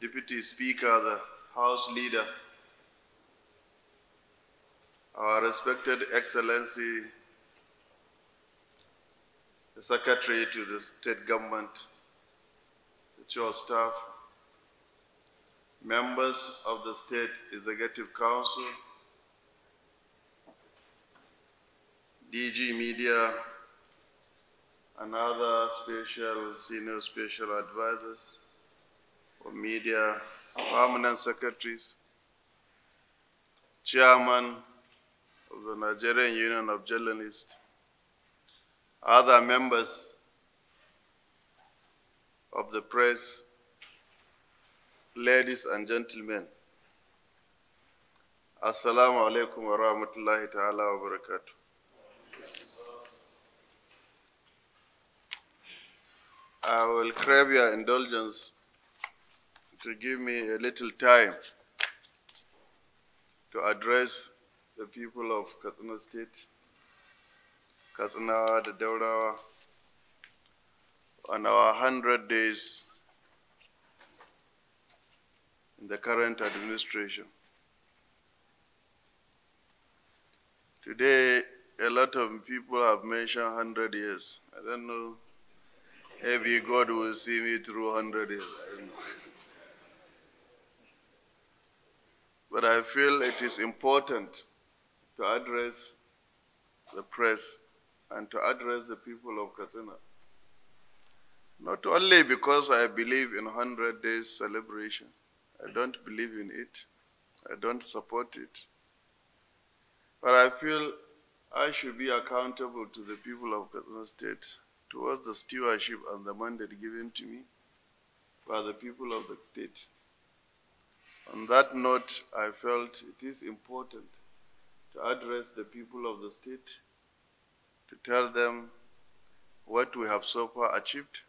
the Deputy Speaker, the House Leader, our respected Excellency, the Secretary to the State Government, the Chair of Staff, members of the State Executive Council, DG Media, and other special senior special advisors for media, permanent secretaries, chairman of the Nigerian Union of Journalists, other members of the press, ladies and gentlemen. Assalamu alaikum wa rahmatullahi ta'ala wa barakatuh. I will crave your indulgence to give me a little time to address the people of Katsina State, Katsina, the Daurawa, on our 100 days in the current administration. Today, a lot of people have mentioned 100 years. I don't know. Maybe God will see me through 100 years. but I feel it is important to address the press and to address the people of Kasina. Not only because I believe in 100 days celebration, I don't believe in it, I don't support it, but I feel I should be accountable to the people of Kasina State towards the stewardship and the mandate given to me by the people of the state. On that note, I felt it is important to address the people of the state, to tell them what we have so far achieved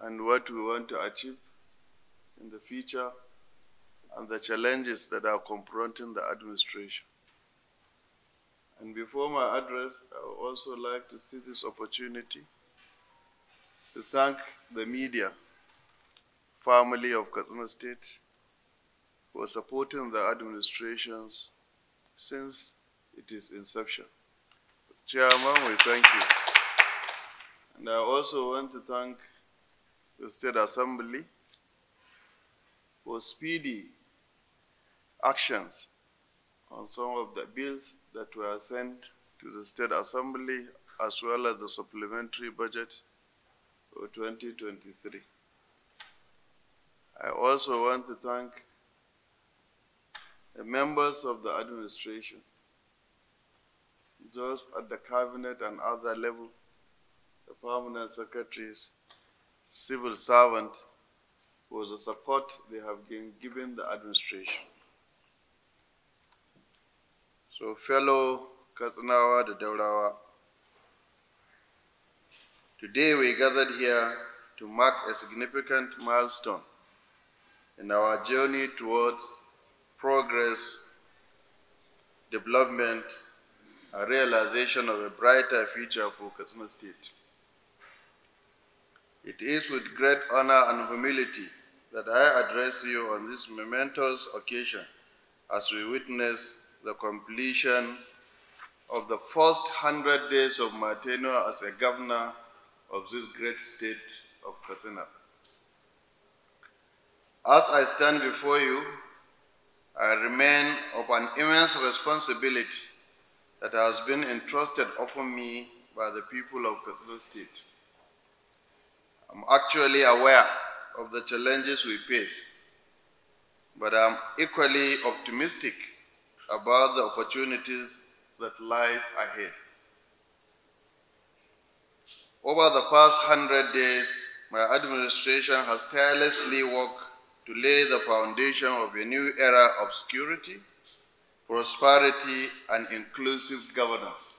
and what we want to achieve in the future and the challenges that are confronting the administration. And before my address, I would also like to seize this opportunity to thank the media, family of Katsina State, for supporting the administrations since its inception. Chairman, we thank you. And I also want to thank the State Assembly for speedy actions on some of the bills that were sent to the State Assembly as well as the supplementary budget for 2023. I also want to thank members of the administration, just at the cabinet and other level, the permanent secretaries, civil servant, for the support they have been given the administration. So fellow Katsinawa the Daurawa, today we gathered here to mark a significant milestone in our journey towards progress, development, a realization of a brighter future for Kasuma State. It is with great honor and humility that I address you on this momentous occasion as we witness the completion of the first 100 days of my tenure as a governor of this great state of Katsina. As I stand before you, I remain of an immense responsibility that has been entrusted upon me by the people of Katsina State. I'm actually aware of the challenges we face, but I'm equally optimistic about the opportunities that lie ahead. Over the past 100 days, my administration has tirelessly worked to lay the foundation of a new era of security, prosperity, and inclusive governance.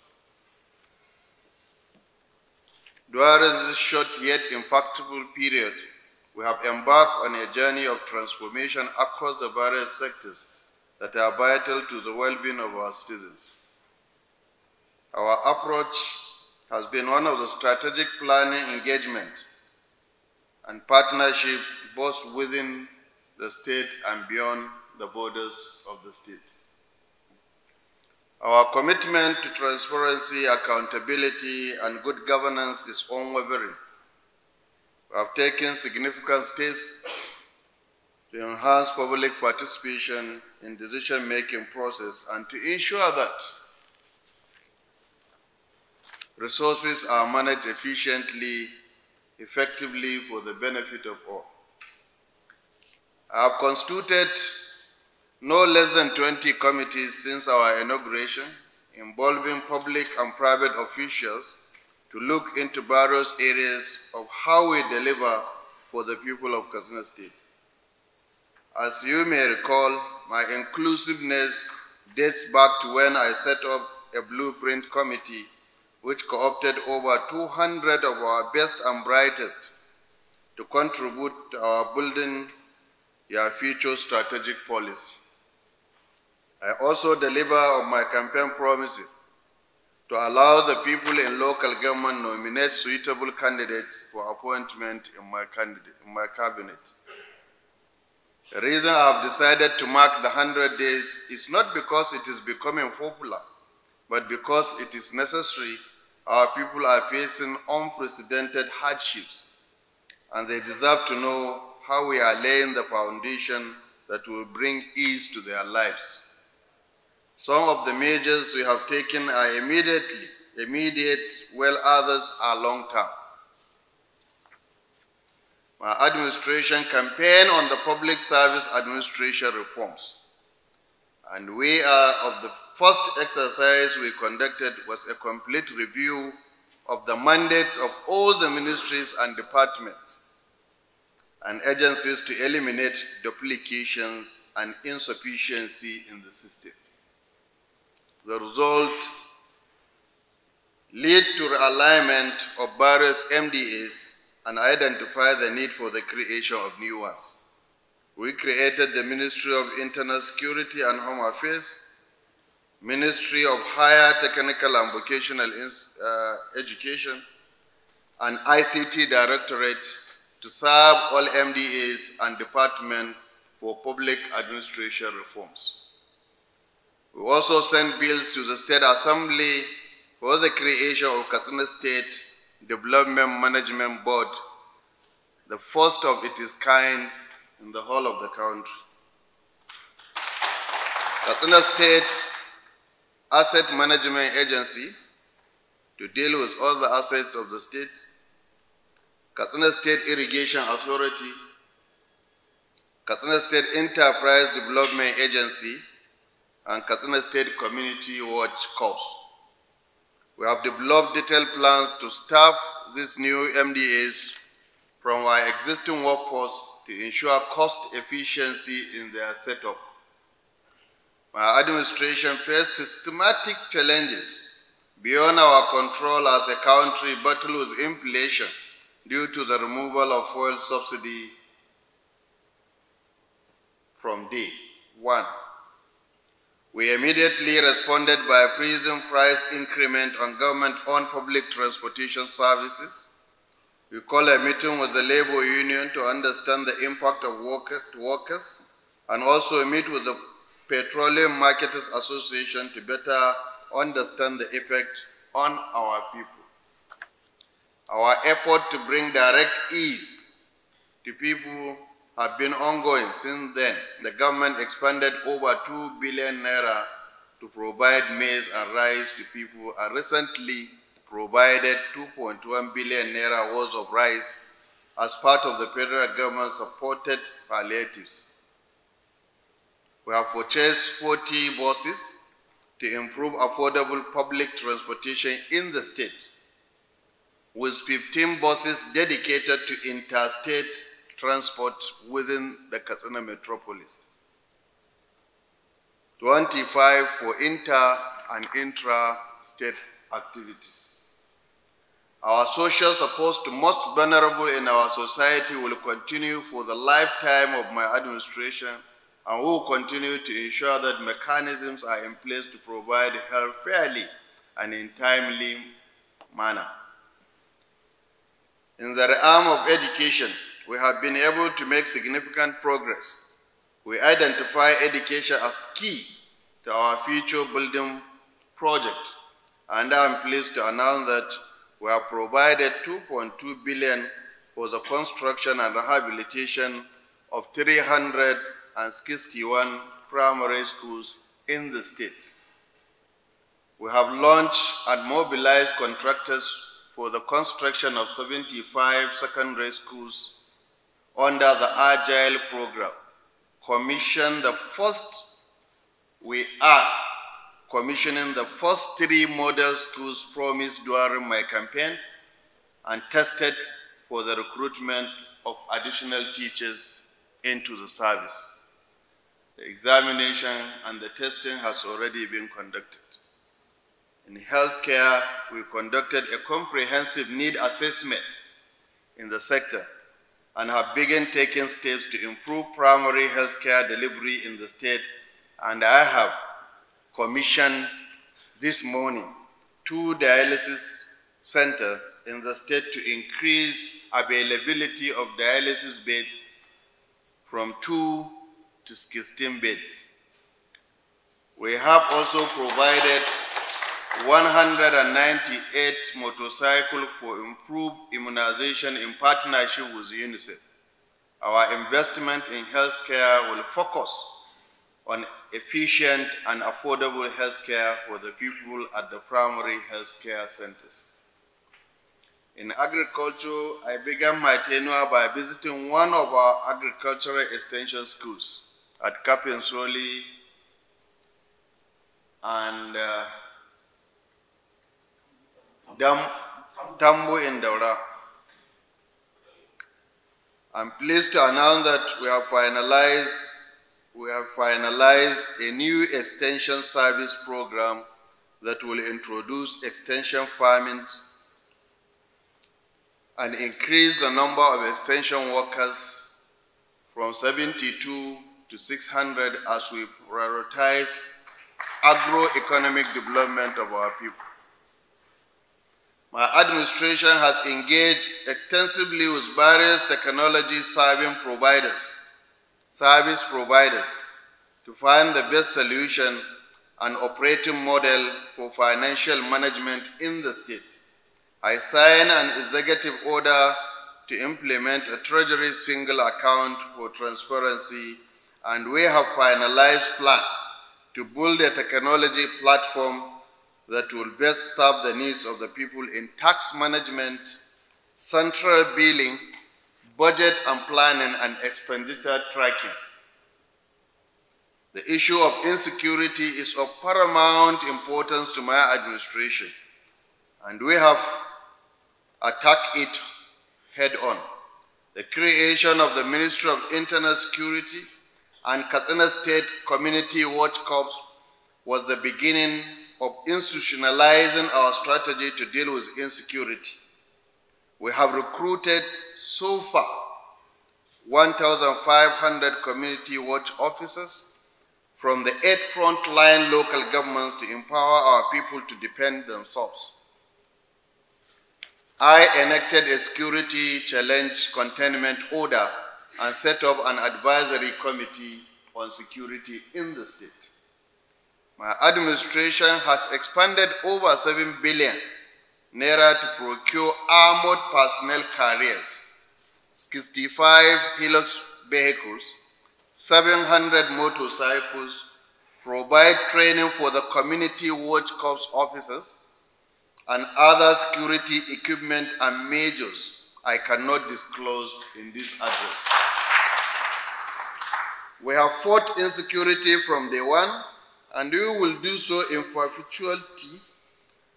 During this short yet impactful period, we have embarked on a journey of transformation across the various sectors that are vital to the well-being of our citizens. Our approach has been one of the strategic planning engagement and partnership both within the state and beyond the borders of the state. Our commitment to transparency, accountability, and good governance is unwavering. We have taken significant steps to enhance public participation in decision-making process and to ensure that resources are managed efficiently, effectively for the benefit of all. I have constituted no less than 20 committees since our inauguration involving public and private officials to look into various areas of how we deliver for the people of Kazuna State. As you may recall, my inclusiveness dates back to when I set up a blueprint committee which co-opted over 200 of our best and brightest to contribute to our building your future strategic policy. I also deliver on my campaign promises to allow the people in local government nominate suitable candidates for appointment in my, in my cabinet. The reason I've decided to mark the 100 days is not because it is becoming popular, but because it is necessary. Our people are facing unprecedented hardships, and they deserve to know how we are laying the foundation that will bring ease to their lives. Some of the measures we have taken are immediately, immediate, while others are long-term. My administration campaign on the public service administration reforms. And we are of the first exercise we conducted was a complete review of the mandates of all the ministries and departments and agencies to eliminate duplications and insufficiency in the system. The result lead to realignment of various MDAs and identify the need for the creation of new ones. We created the Ministry of Internal Security and Home Affairs, Ministry of Higher Technical and Vocational uh, Education, and ICT Directorate to serve all MDAs and departments for public administration reforms. We also sent bills to the State Assembly for the creation of Katsina State Development Management Board, the first of its kind in the whole of the country. Katsina State Asset Management Agency to deal with all the assets of the states Katsina State Irrigation Authority, Katsina State Enterprise Development Agency, and Katsina State Community Watch Corps. We have developed detailed plans to staff these new MDAs from our existing workforce to ensure cost efficiency in their setup. My administration faced systematic challenges beyond our control as a country battles with inflation due to the removal of oil subsidy from day one. We immediately responded by a prison price increment on government-owned public transportation services. We called a meeting with the labor union to understand the impact of worker, workers and also meet with the Petroleum Marketers Association to better understand the effect on our people. Our effort to bring direct ease to people have been ongoing since then. The government expanded over 2 billion naira to provide maize and rice to people and recently provided 2.1 billion naira worth of rice as part of the federal government supported palliatives. We have purchased 40 buses to improve affordable public transportation in the state with 15 buses dedicated to interstate transport within the Katsina metropolis. 25 for inter and intra-state activities. Our social support to most vulnerable in our society will continue for the lifetime of my administration and will continue to ensure that mechanisms are in place to provide help fairly and in timely manner. In the realm of education, we have been able to make significant progress. We identify education as key to our future building project, and I'm pleased to announce that we have provided 2.2 billion for the construction and rehabilitation of 361 primary schools in the state. We have launched and mobilized contractors for the construction of 75 secondary schools under the Agile program. Commission the first, we are commissioning the first three model schools promised during my campaign and tested for the recruitment of additional teachers into the service. The examination and the testing has already been conducted. In healthcare, we conducted a comprehensive need assessment in the sector and have begun taking steps to improve primary healthcare delivery in the state. And I have commissioned this morning two dialysis centers in the state to increase availability of dialysis beds from 2 to 16 beds. We have also provided 198 motorcycles for improved immunization in partnership with UNICEF. Our investment in healthcare will focus on efficient and affordable healthcare for the people at the primary healthcare centers. In agriculture, I began my tenure by visiting one of our agricultural extension schools at Capinsoli and uh, Tambu in Daura. I'm pleased to announce that we have finalized we have finalized a new extension service program that will introduce extension farming and increase the number of extension workers from 72 to 600 as we prioritize agro-economic development of our people. My administration has engaged extensively with various technology serving providers, service providers to find the best solution and operating model for financial management in the state. I signed an executive order to implement a Treasury single account for transparency and we have finalized plan to build a technology platform that will best serve the needs of the people in tax management, central billing, budget and planning, and expenditure tracking. The issue of insecurity is of paramount importance to my administration, and we have attacked it head on. The creation of the Ministry of Internal Security and Katsina State Community Watch Corps was the beginning of institutionalizing our strategy to deal with insecurity, we have recruited so far 1,500 community watch officers from the eight frontline local governments to empower our people to defend themselves. I enacted a security challenge containment order and set up an advisory committee on security in the state. My administration has expanded over 7 billion naira to procure armored personnel carriers, 65 Hilux vehicles, 700 motorcycles, provide training for the community watch corps officers, and other security equipment and measures I cannot disclose in this address. We have fought insecurity from day one and we will do so in perpetuity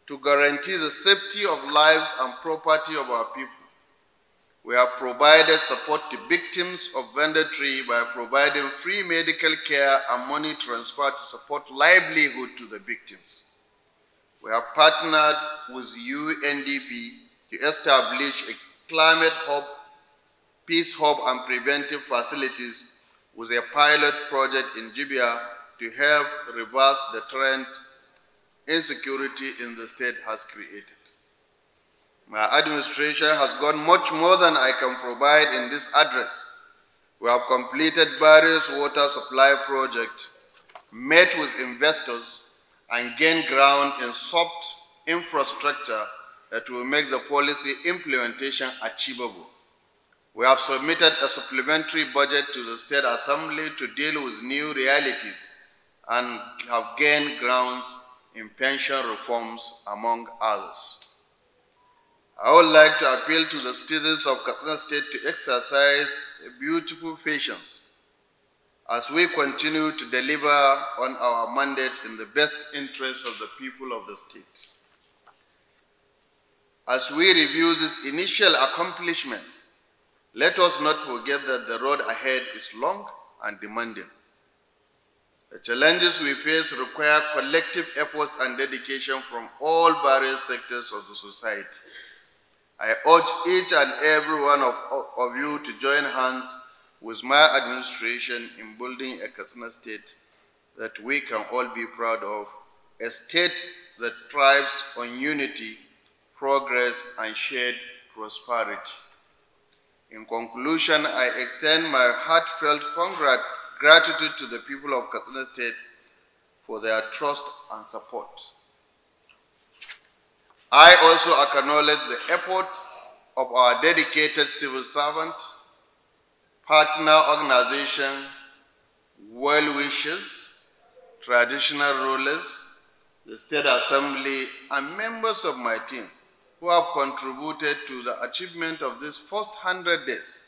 to guarantee the safety of lives and property of our people. We have provided support to victims of banditry by providing free medical care and money transfer to support livelihood to the victims. We have partnered with UNDP to establish a climate hub, peace hub and preventive facilities with a pilot project in Libya to have reversed the trend insecurity in the state has created. My administration has gone much more than I can provide in this address. We have completed various water supply projects, met with investors, and gained ground in soft infrastructure that will make the policy implementation achievable. We have submitted a supplementary budget to the State Assembly to deal with new realities and have gained ground in pension reforms, among others. I would like to appeal to the citizens of Katsina State to exercise beautiful patience as we continue to deliver on our mandate in the best interest of the people of the state. As we review these initial accomplishments, let us not forget that the road ahead is long and demanding. The challenges we face require collective efforts and dedication from all various sectors of the society. I urge each and every one of, of you to join hands with my administration in building a Katsina state that we can all be proud of, a state that thrives on unity, progress, and shared prosperity. In conclusion, I extend my heartfelt congratulations gratitude to the people of Katsina State for their trust and support. I also acknowledge the efforts of our dedicated civil servant, partner organization, well wishers, traditional rulers, the State Assembly, and members of my team who have contributed to the achievement of these first 100 days.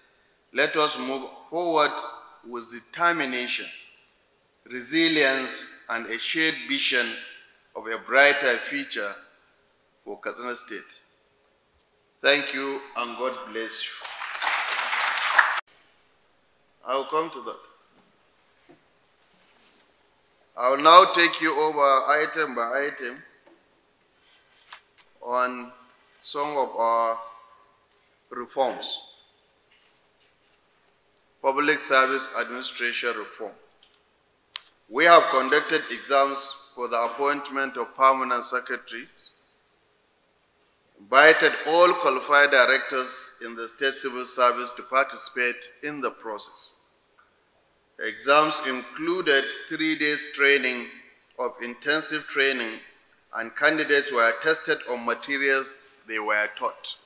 Let us move forward was determination, resilience, and a shared vision of a brighter future for Katsina State. Thank you, and God bless you. I will come to that. I will now take you over item by item on some of our reforms. Public Service Administration Reform. We have conducted exams for the appointment of permanent secretaries, invited all qualified directors in the State Civil Service to participate in the process. The exams included three days training of intensive training and candidates were tested on materials they were taught.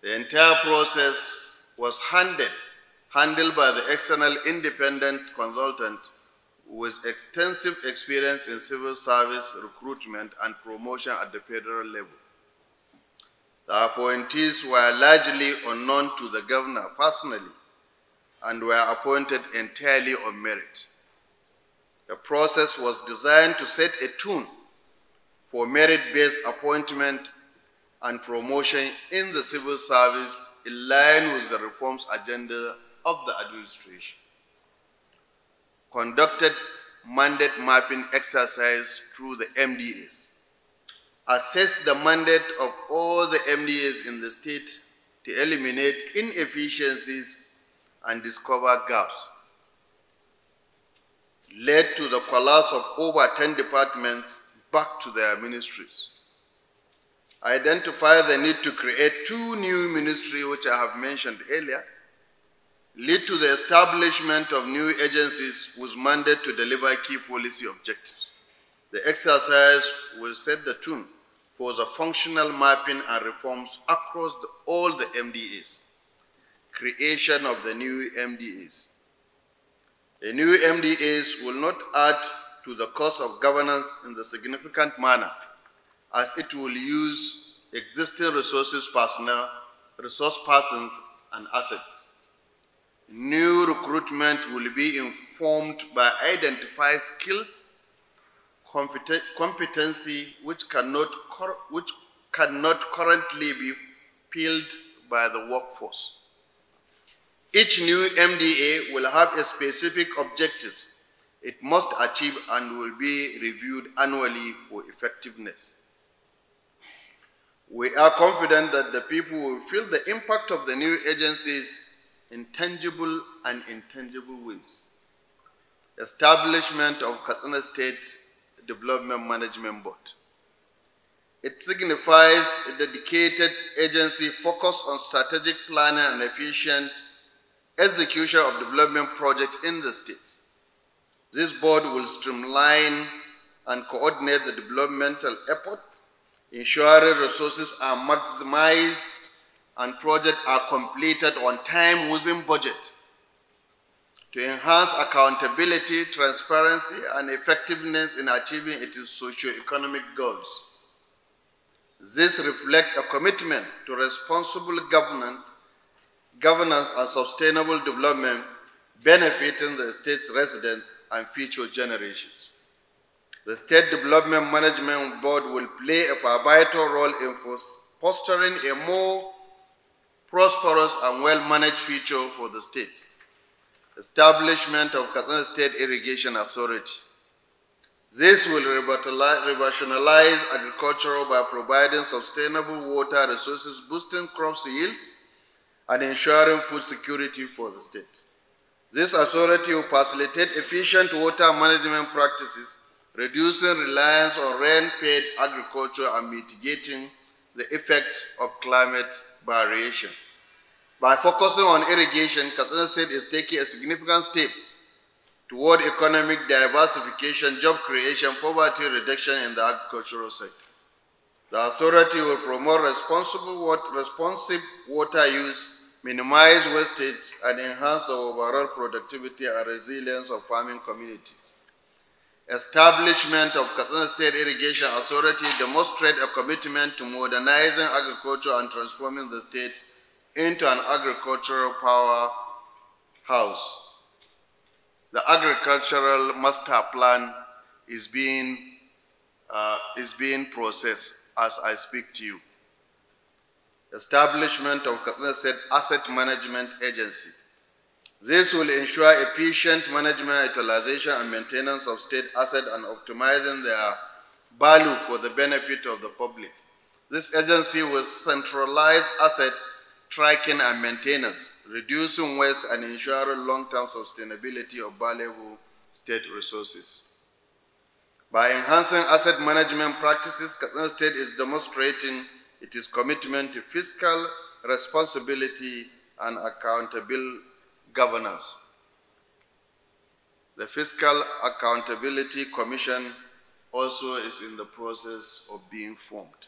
The entire process was handed, handled by the external independent consultant with extensive experience in civil service recruitment and promotion at the federal level. The appointees were largely unknown to the governor personally and were appointed entirely on merit. The process was designed to set a tune for merit-based appointment and promotion in the civil service in line with the reforms agenda of the administration. Conducted mandate mapping exercise through the MDAs. Assessed the mandate of all the MDAs in the state to eliminate inefficiencies and discover gaps. Led to the collapse of over 10 departments back to their ministries identify the need to create two new ministries, which I have mentioned earlier, lead to the establishment of new agencies whose mandate to deliver key policy objectives. The exercise will set the tune for the functional mapping and reforms across the, all the MDAs. Creation of the new MDAs. The new MDAs will not add to the cost of governance in the significant manner as it will use existing resources personnel, resource persons, and assets. New recruitment will be informed by identified skills, competen competency which cannot, which cannot currently be filled by the workforce. Each new MDA will have a specific objectives it must achieve and will be reviewed annually for effectiveness. We are confident that the people will feel the impact of the new agencies in tangible and intangible ways. Establishment of Katsina State Development Management Board. It signifies a dedicated agency focused on strategic planning and efficient execution of development projects in the states. This board will streamline and coordinate the developmental effort ensuring resources are maximized and projects are completed on time within budget. To enhance accountability, transparency, and effectiveness in achieving its socio-economic goals. This reflects a commitment to responsible governance, governance and sustainable development benefiting the state's residents and future generations. The State Development Management Board will play a pivotal role in fostering a more prosperous and well-managed future for the state. Establishment of Katsina State Irrigation Authority. This will revolutionalize agriculture by providing sustainable water resources, boosting crop yields, and ensuring food security for the state. This authority will facilitate efficient water management practices reducing reliance on rain-paid agriculture and mitigating the effect of climate variation. By focusing on irrigation, Katsina State is taking a significant step toward economic diversification, job creation, poverty reduction in the agricultural sector. The authority will promote responsible water, responsive water use, minimize wastage, and enhance the overall productivity and resilience of farming communities establishment of Katsina State Irrigation Authority demonstrate a commitment to modernizing agriculture and transforming the state into an agricultural powerhouse. The agricultural master plan is being, uh, is being processed as I speak to you. Establishment of Katsina State Asset Management Agency this will ensure efficient management, utilization, and maintenance of state assets and optimizing their value for the benefit of the public. This agency will centralize asset tracking and maintenance, reducing waste and ensuring long-term sustainability of valuable state resources. By enhancing asset management practices, the State is demonstrating its commitment to fiscal responsibility and accountability governance. The Fiscal Accountability Commission also is in the process of being formed.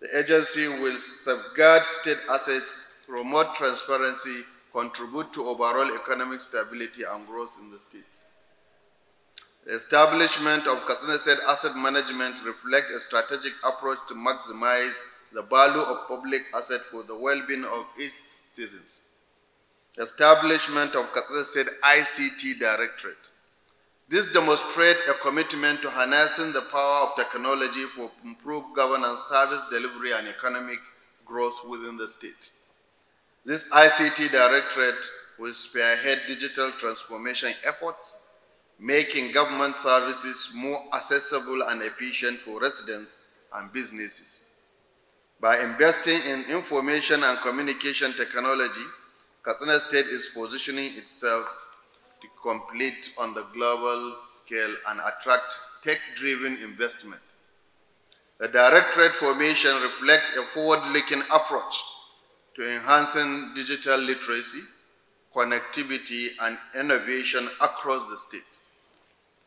The agency will safeguard state assets, promote transparency, contribute to overall economic stability and growth in the state. The establishment of Katsina State Asset Management reflects a strategic approach to maximize the value of public assets for the well-being of its citizens establishment of Katsina State ICT Directorate. This demonstrates a commitment to harnessing the power of technology for improved governance, service delivery, and economic growth within the state. This ICT Directorate will spearhead digital transformation efforts, making government services more accessible and efficient for residents and businesses. By investing in information and communication technology, Katsina State is positioning itself to compete on the global scale and attract tech-driven investment. The directorate formation reflects a forward-looking approach to enhancing digital literacy, connectivity, and innovation across the state.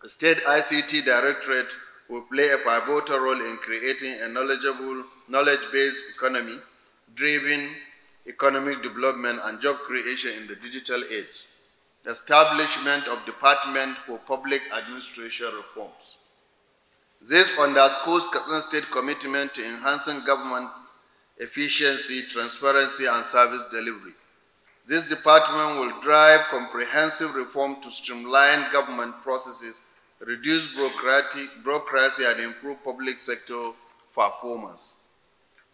The State ICT Directorate will play a pivotal role in creating a knowledgeable, knowledge-based economy driven economic development and job creation in the digital age, the establishment of Department for Public Administration Reforms. This underscores Katsina State commitment to enhancing government efficiency, transparency, and service delivery. This department will drive comprehensive reform to streamline government processes, reduce bureaucracy, and improve public sector performance.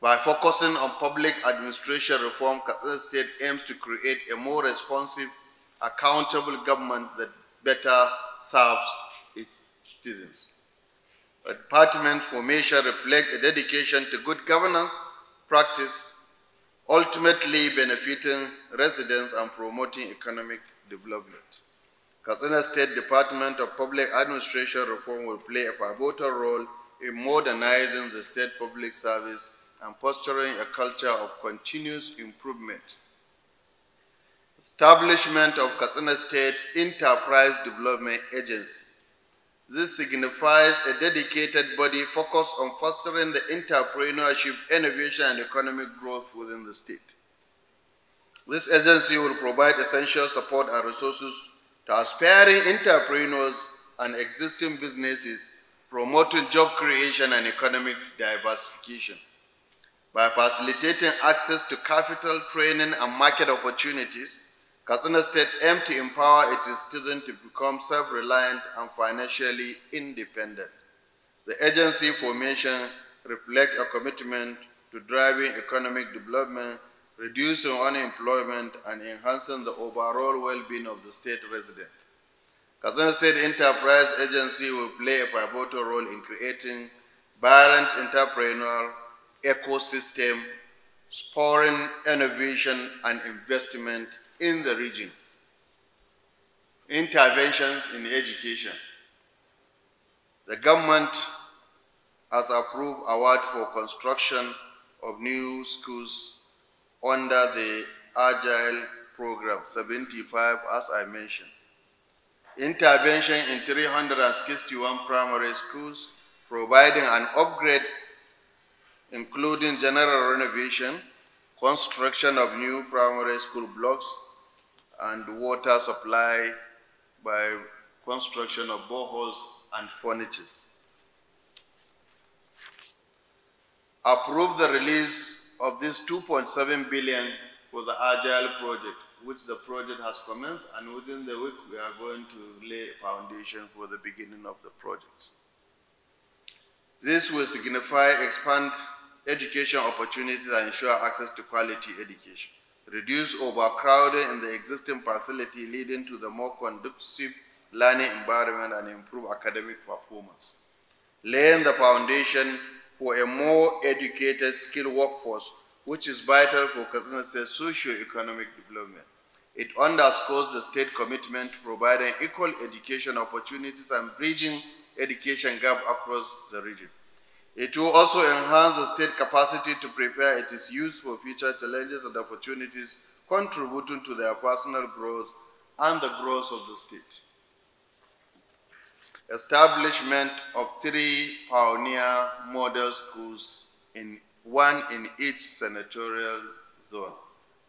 By focusing on public administration reform, Katsina State aims to create a more responsive, accountable government that better serves its citizens. department formation reflects a dedication to good governance practice, ultimately benefiting residents and promoting economic development. Katsina State Department of Public Administration Reform will play a pivotal role in modernizing the state public service and fostering a culture of continuous improvement. Establishment of Katsina State Enterprise Development Agency. This signifies a dedicated body focused on fostering the entrepreneurship, innovation, and economic growth within the state. This agency will provide essential support and resources to aspiring entrepreneurs and existing businesses, promoting job creation and economic diversification by facilitating access to capital, training, and market opportunities, Katsina State aims to empower its citizens to become self-reliant and financially independent. The agency formation reflects a commitment to driving economic development, reducing unemployment, and enhancing the overall well-being of the state resident. Katsina State Enterprise Agency will play a pivotal role in creating vibrant entrepreneurial ecosystem, spurring innovation and investment in the region. Interventions in education. The government has approved award for construction of new schools under the Agile Program 75, as I mentioned. Intervention in 361 primary schools, providing an upgrade including general renovation, construction of new primary school blocks, and water supply by construction of boreholes and furnitures. Approve the release of this 2.7 billion for the Agile project, which the project has commenced, and within the week we are going to lay a foundation for the beginning of the projects. This will signify expand education opportunities and ensure access to quality education. Reduce overcrowding in the existing facility leading to the more conducive learning environment and improve academic performance. Laying the foundation for a more educated skilled workforce, which is vital for Kazakhstan's socio-economic development. It underscores the state commitment to providing equal education opportunities and bridging education gap across the region. It will also enhance the state capacity to prepare its youth for future challenges and opportunities, contributing to their personal growth and the growth of the state. Establishment of three pioneer model schools, in one in each senatorial zone,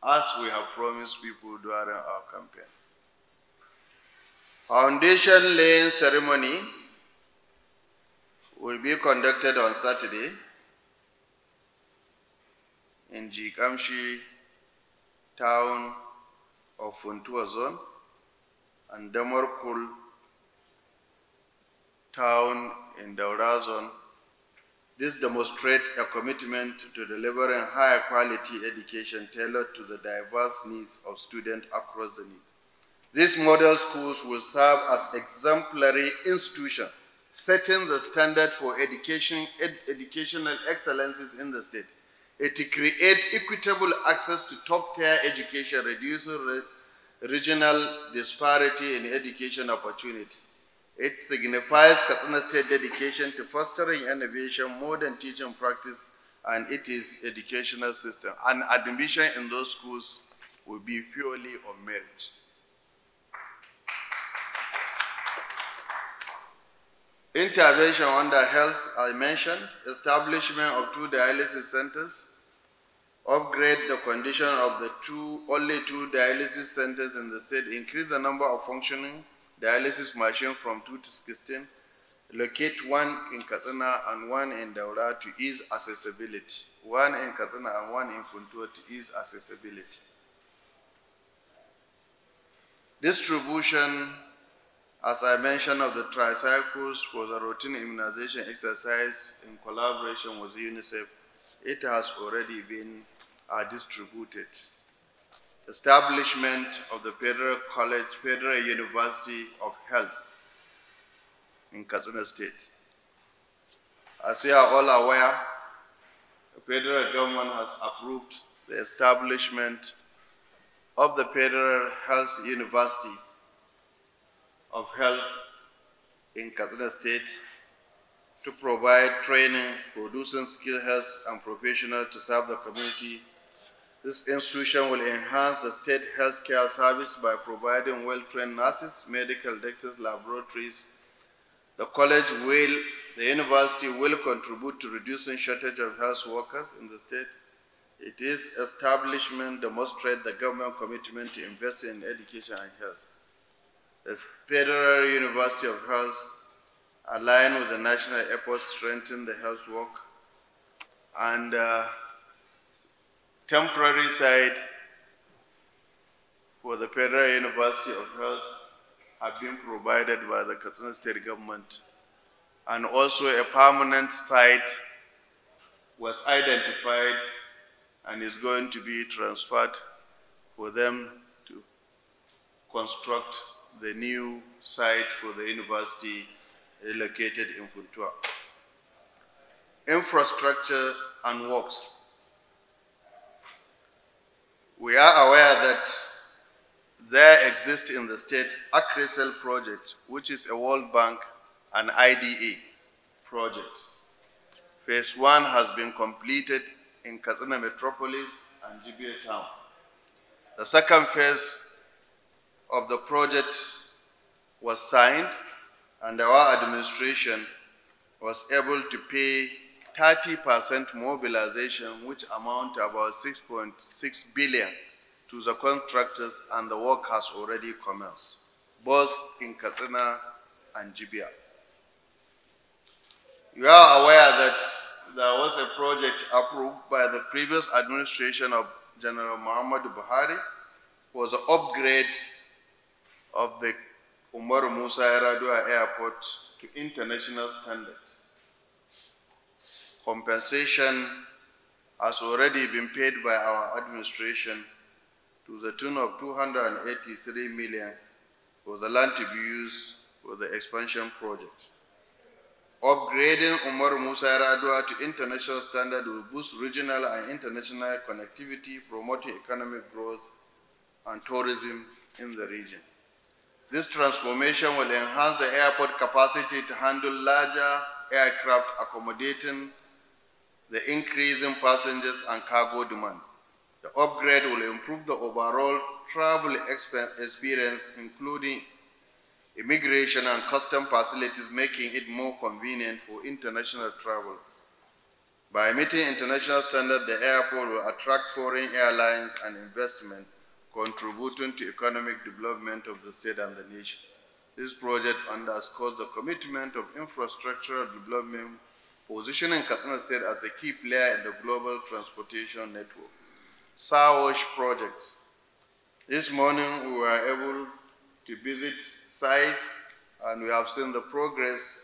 as we have promised people during our campaign. Foundation laying ceremony will be conducted on Saturday in Jikamshi town of Funtua zone and Damarkul town in Daura zone. This demonstrates a commitment to delivering higher quality education tailored to the diverse needs of students across the needs. These model schools will serve as exemplary institutions setting the standard for education, ed, educational excellences in the state. It creates equitable access to top-tier education, reducing re, regional disparity in education opportunity. It signifies Katana State dedication to fostering innovation, modern teaching practice, and it is educational system. And admission in those schools will be purely on merit. Intervention under health, I mentioned, establishment of two dialysis centers, upgrade the condition of the two, only two dialysis centers in the state, increase the number of functioning dialysis machines from 2 to 16, locate one in Katana and one in Daura to ease accessibility, one in Katana and one in Funtua to ease accessibility. Distribution as I mentioned of the tricycles was a routine immunization exercise in collaboration with UNICEF. It has already been uh, distributed. Establishment of the Federal College, Federal University of Health in Katsina State. As we are all aware, the federal government has approved the establishment of the Federal Health University of Health in Katsina State to provide training, producing skilled health and professionals to serve the community. This institution will enhance the state health care service by providing well-trained nurses, medical doctors, laboratories. The college will, the university will contribute to reducing shortage of health workers in the state. It is establishment demonstrate the government commitment to invest in education and health. As Federal University of Health aligned with the national airport, strengthen the health work, and uh, temporary side for the Federal University of Health have been provided by the Katsina State government. And also a permanent site was identified and is going to be transferred for them to construct the new site for the university located in Funtua. Infrastructure and works. We are aware that there exists in the state a ACRICEL project, which is a World Bank and IDE project. Phase one has been completed in Kazana Metropolis and GBA Town. The second phase of the project was signed and our administration was able to pay 30% mobilization, which amounted to about 6.6 billion to the contractors and the work has already commenced, both in Katsina and Jibia. You are aware that there was a project approved by the previous administration of General Muhammad Buhari for the upgrade of the Umar Musa Yaradua Airport to international standard. Compensation has already been paid by our administration to the tune of 283 million for the land to be used for the expansion project. Upgrading Umar Musa Yaradua to international standard will boost regional and international connectivity, promoting economic growth and tourism in the region. This transformation will enhance the airport capacity to handle larger aircraft accommodating the increasing passengers and cargo demands. The upgrade will improve the overall travel experience, including immigration and custom facilities, making it more convenient for international travelers. By meeting international standards, the airport will attract foreign airlines and investment, contributing to economic development of the state and the nation. This project underscores the commitment of infrastructural development, positioning Katana State as a key player in the global transportation network. SAWOSH projects. This morning we were able to visit sites and we have seen the progress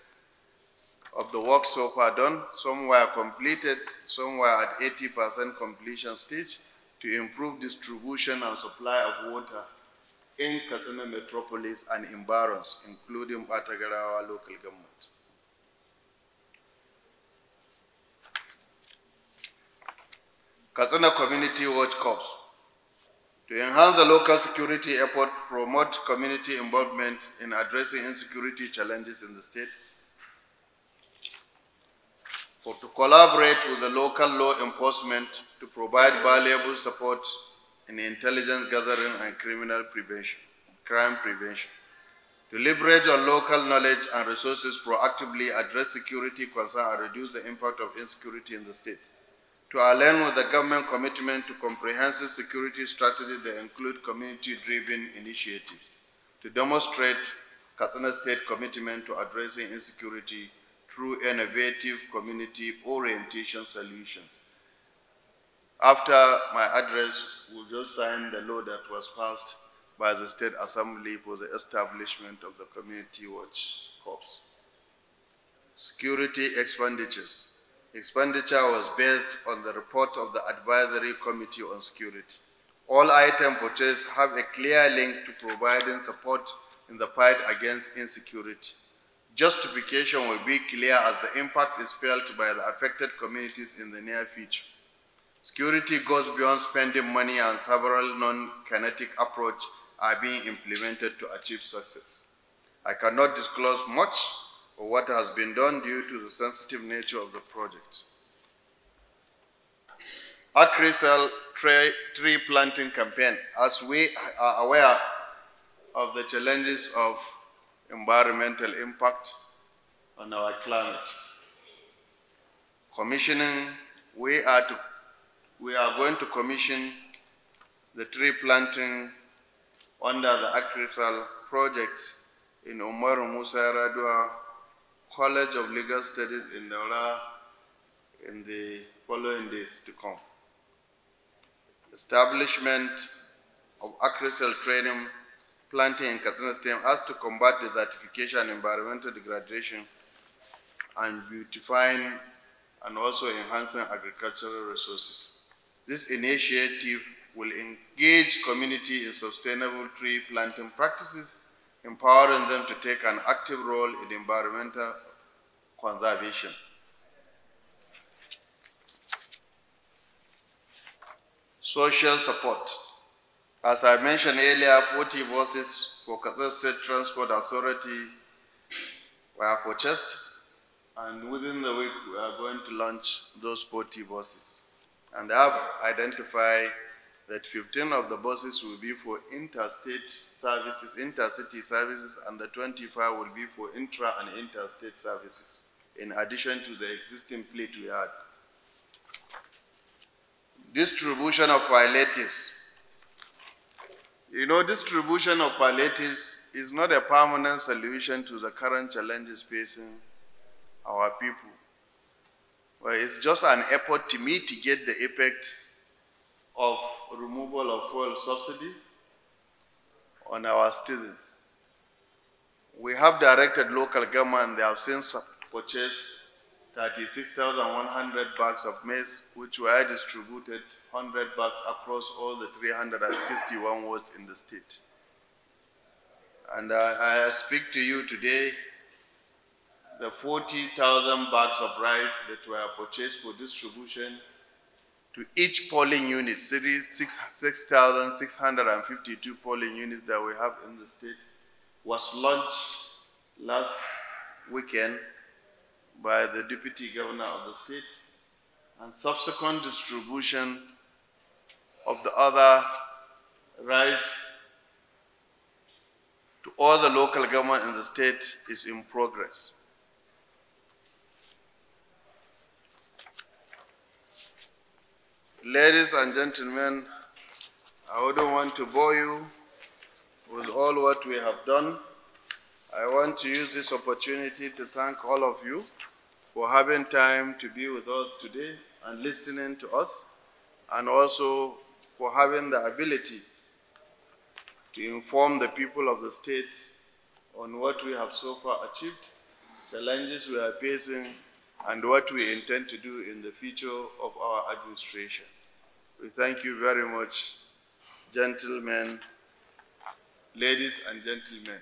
of the work so far done. Some were completed, some were at 80% completion stage to improve distribution and supply of water in Katsina metropolis and environs, in including Batagarawa local government. Katsina Community Watch Corps to enhance the local security effort, promote community involvement in addressing insecurity challenges in the state, for to collaborate with the local law enforcement to provide valuable support in intelligence gathering and criminal prevention, crime prevention. To leverage our local knowledge and resources proactively address security concerns and reduce the impact of insecurity in the state. To align with the government commitment to comprehensive security strategies that include community-driven initiatives. To demonstrate Katsina State commitment to addressing insecurity through innovative community orientation solutions. After my address, we'll just sign the law that was passed by the State Assembly for the establishment of the Community Watch Corps. Security expenditures. Expenditure was based on the report of the Advisory Committee on Security. All item purchases have a clear link to providing support in the fight against insecurity. Justification will be clear as the impact is felt by the affected communities in the near future. Security goes beyond spending money and several non-kinetic approaches are being implemented to achieve success. I cannot disclose much of what has been done due to the sensitive nature of the project. Acrisel tree, tree planting campaign. As we are aware of the challenges of environmental impact on our climate. Commissioning, we are, to, we are going to commission the tree planting under the agricultural projects in Umaru Musa Radua College of Legal Studies in Daura in the following days to come. Establishment of agricultural training planting in Katsina Stem as to combat desertification, environmental degradation, and beautifying and also enhancing agricultural resources. This initiative will engage community in sustainable tree planting practices, empowering them to take an active role in environmental conservation. Social support. As I mentioned earlier, 40 buses for Kazakh State Transport Authority were purchased, and within the week we are going to launch those 40 buses. And I have identified that 15 of the buses will be for interstate services, intercity services, and the 25 will be for intra and interstate services, in addition to the existing fleet we had. Distribution of palliatives. You know, distribution of palliatives is not a permanent solution to the current challenges facing our people. Well, it's just an effort to mitigate the effect of removal of fuel subsidy on our citizens. We have directed local government, they have since purchased 36,100 bags of maize, which were distributed 100 bags across all the 361 wards in the state. And I, I speak to you today, the 40,000 bags of rice that were purchased for distribution to each polling unit, 6,652 6, polling units that we have in the state, was launched last weekend by the Deputy Governor of the state and subsequent distribution of the other rice to all the local government in the state is in progress. Ladies and gentlemen, I wouldn't want to bore you with all what we have done. I want to use this opportunity to thank all of you for having time to be with us today and listening to us, and also for having the ability to inform the people of the state on what we have so far achieved, challenges we are facing, and what we intend to do in the future of our administration. We thank you very much, gentlemen, ladies and gentlemen.